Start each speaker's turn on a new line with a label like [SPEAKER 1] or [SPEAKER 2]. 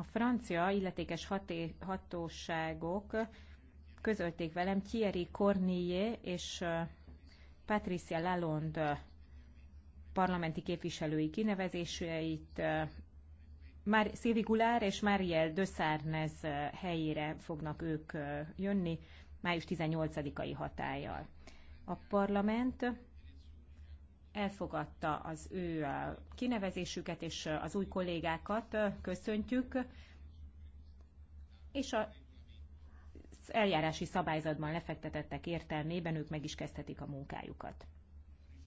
[SPEAKER 1] A francia illetékes haté- hatóságok közölték velem Thierry Cornillé és Patricia Lalonde parlamenti képviselői kinevezéseit már Sylvie Gulár és Mariel de Sarnez helyére fognak ők jönni május 18-ai hatállyal. A parlament elfogadta az ő kinevezésüket és az új kollégákat köszöntjük, és az eljárási szabályzatban lefektetettek értelmében ők meg is kezdhetik a
[SPEAKER 2] munkájukat.